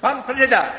Pan Preda.